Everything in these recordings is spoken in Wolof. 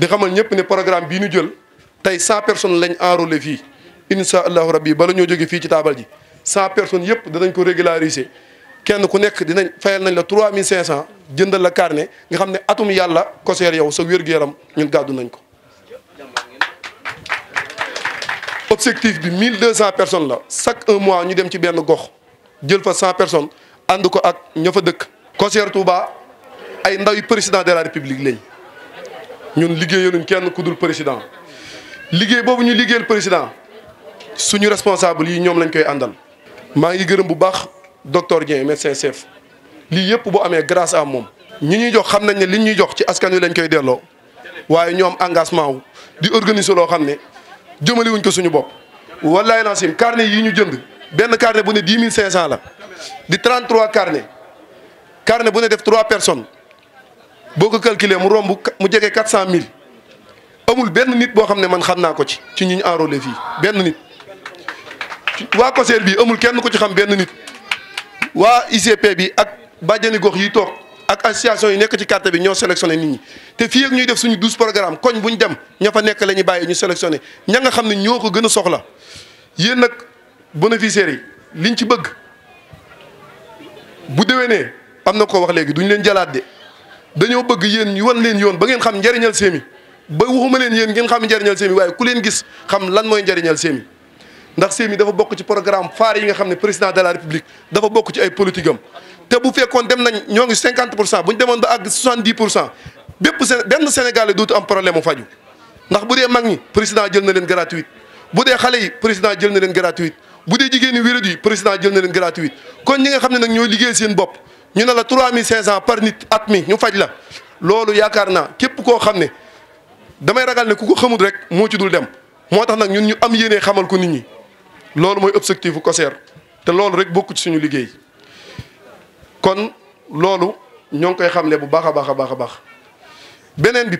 di xamal ñëpp ne programme bii ñu jël tey cent personnes lañ enrôlé fii incha allahu rabbi bala ñoo jóge fii ci taabal ji cent personnes yëpp danañ ko régulariser kenn ku nekk dinañ fayal nañ la trois mille cinq cent jëndal la carnet nga xam ne atum yàlla koseer yow sa wér-gu-yaram ñun gàddu nañ ko objectif bi mille deux cent personnes la chaque un mois ñu dem ci benn gox jël fa cent personnes ànd ko ak ñëfa fa dëkk koseer Touba ay ndawi président de la république lañ ñun liggéeyaluñ kenn ku président liggéey boobu ñu liggéeyal président suñu responsable yi ñoom lañ koy àndal. maa ngi gërëm bu baax docteur Dieng médecin chef lii yëpp bu amee grace à moom. ñi ñuy jox xam nañ ne liñ ñuy jox ci askan wi lañ koy delloo waaye ñoom engagement wu di organiser loo xam ne jëmaliwuñ ko suñu bopp. wallaay Nassim carnet yi ñu jënd benn carnet bu ne dix mille cinq cent la di trente trois carnet carnet bu ne def trois personnes. boo ko calculé mu romb mu jege quatre cent mille amul benn nit boo xam ne man xam naa ko ci ci ñu ñu enrôlé fii benn nit. waa COSER bi amul kenn ko ci xam benn nit waa ICP bi ak bàjjani gox yi toog ak association yi nekk ci carte bi ñoo sélectionné nit ñi te fii ak ñuy def suñu douze programme koñ bu ñu dem ña fa nekk la ñuy bàyyi ñu sélectionné ña nga xam ne ñoo ko gën a soxla yéen nag bénéficiaires yi liñ ci bëgg bu dewee déwénee am na ko wax léegi duñ leen jëlaat de. dañoo bëgg yéen ñu wan leen yoon ba ngeen xam njariñal seemi ba waxuma leen yeen ngeen xam njariñal seemi waaye ku leen gis xam lan mooy njariñal seemi ndax seemi dafa bokk ci programme phare yi nga xam ne président de la république dafa bokk ci ay politique am te bu fekkoon dem nañ ñoo ngi cinquante pour cent bu ñu demoon ba àgg soixante dix pour cent bépp sén dootu am problème u faju ndax bu dee mag ñi président jël na leen gratuite bu dee xale yi président jël na leen gratuite bu dee jigéen ñi wérad yi président jël na kon ñi nga xam ne nag ñoo liggéey seen bopp Nous avons la 3500 par nit avons Nous ñu faj la fait ça. Nous képp nous ça. Nous damay ragal ça. nous avons xamul rek Nous ci dul dem nous nous nous avons objectif fait nous rek bokku nous suñu liggéey kon Nous avons nous avons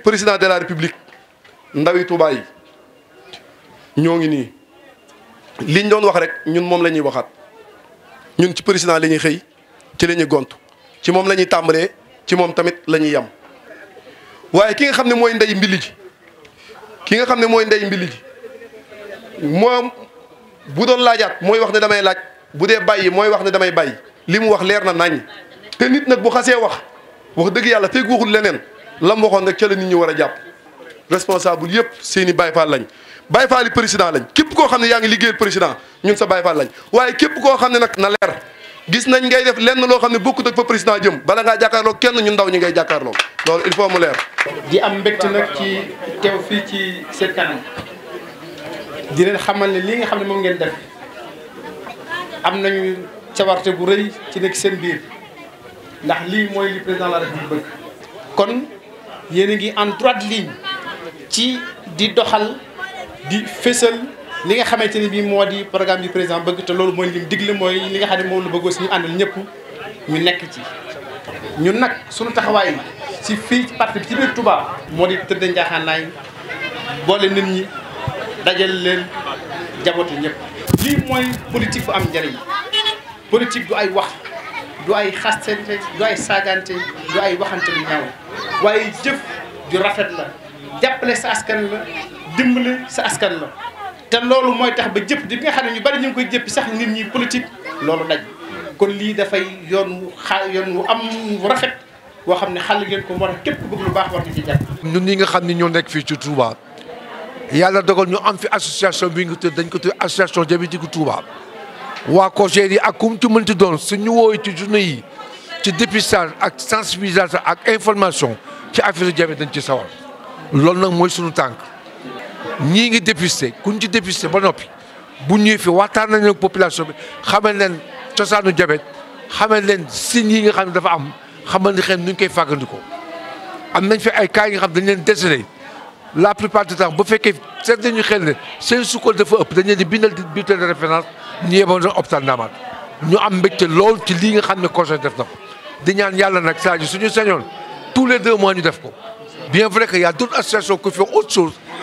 président de la république ndawi nous avons fait ça. Nous liñ doon wax nous avons fait ça. Nous Nous, ñun ci président nous ci moom la ñuy tàmbalee ci moom tamit la ñuy yem waaye ki nga xam ne mooy ndey mbili ki nga xam ne mooy ndey mbili moom bu doon laajaat mooy wax ne damay laaj bu dee bàyyi mooy wax ne damay bàyyi li mu wax leer na naññ te nit nag bu xasee wax wax dëgg yàlla tey waxul leneen lam waxoon rek ca la nit ñi war a jàpp responsable yëpp seeni Baye Fall lañ Baye Fall yi président lañ képp koo xam ne yaa ngi liggéeyal président ñun sa Baye Fall lañ waaye képp koo xam ne nag na leer gis nañ ngay def lenn loo xam ne bokkut ak fa président jëm bala ngaa jàkkaarloo kenn ñu ndaw ñi ngay jàkkaarloo loolu il faut mu leer. di am mbégte nag ci teew fii ci seen kanam di leen xamal ne lii nga xam ne moom ngeen def am nañu cawarte bu rëy ci nekk seen biir ndax lii mooy li président la République bëgg kon yéen a ngi en droite ligne ci di doxal di fésal. li nga xamante ni bi moo di programme bi président bëgg te loolu mooy lim digle mooy li nga xam ne moom la bëggoo si ñu àndal ñëpp ñu nekk ci. ñun nag suñu taxawaay si fii ci parti bi ci biir Touba moo di tëdd njaaxaanaay boole nit ñi dajal leen jaboote ñëpp. lii mooy politique bu am njariñ politique du ay wax du ay xastante du ay saagante du ay waxante lu ñaaw waaye jëf ju rafet la jàppale sa askan la dimbale sa askan la. لولو موي تخ با جيب دي ميغا خاني ني بار ني نكوي جيب صاح نين ني بوليتيك لولو داج كون لي دا فاي يونو خا يونو ام رافيت و خا خني خال نين كو مورا كيب كو بوغ لو باخ وارتي دي جات نون نيغا خا ني نيو نيك في تي توبا يالا دوغول ني ام في اسوسياسيون بي نكو دنج كو تي اسوسياسيون جابي تي توبا وا كو جي دي اكوم تي مونتي دون سي ني ووي ñi ngi dépisté kuñ ci dépisté ba noppi bu ñu fi waxtaan nañu ak population bi xamal leen cosaanu jabet xamal leen signe yi nga xam dafa am xamal ni xeen nu ñu koy fàggandikoo am nañ fi ay cas yi nga xam dañ leen décelé la plupart du temps bu fekkee seet nañu xel ne seen sukkar dafa ëpp dañ leen di bindal bulletin de référence ñu yeboon doon hôpital Ndamaat ñu am mbégte lool ci lii nga xam ne conseil def na ko di ñaan yàlla nag saa ji suñu sañoon tous les deux mois ñu def ko bien vrai que y a d'autres associations qui font autre chose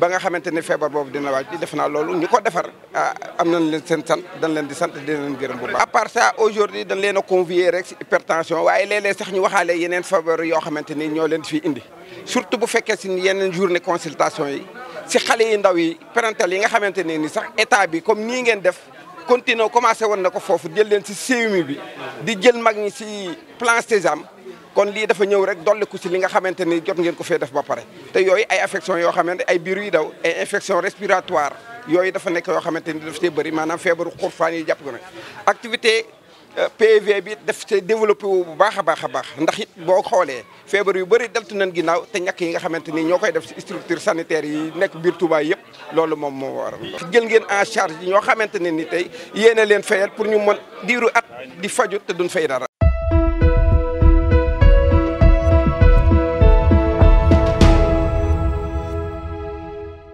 ba nga xamante ne feebar dina waaj def na lolu ñuko defar ah, am nañ leen seen sant dañ leen di sant di leen gërëm bu baax. à part ça aujourd'hui dañ leen a convier rek hypertension waaye léeg-léeg sax ñu waxale yeneen feebar yoo xamanteni ñoo leen fi indi surtout bu fekkee si yeneen journée consultation yi si xale yi ndaw yi parental yi nga xamanteni ni sax état bi comme nii ngeen def. continué commencé woon na ko foofu jël leen si CMU bi di jël mag ñi si plan Sésame kon lii dafa ñëw rek dolliku si li nga xamante ni jot ngeen ko fee def ba pare te yooyu ay affection yoo xamante ay biir yu daw ay infection respiratoire yooyu dafa nekk yoo xamante ni daf see bëri maanaam feebaru xurfaan yi jàpp ko ne activité euh, PV bi daf see développé wu bu baax a baax a baax ndax it boo xoolee feebar yu bëri deltu nan ginnaaw te ñàkk yi nga xamante ni ñoo koy def si structure sanitaire yi nekk biir Touba yëpp loolu moom moo waral. jël ngeen en charge yi ñoo xamante ne ni tey yéene leen fayal pour ñu mën diiru at di faju te duñ fay dara.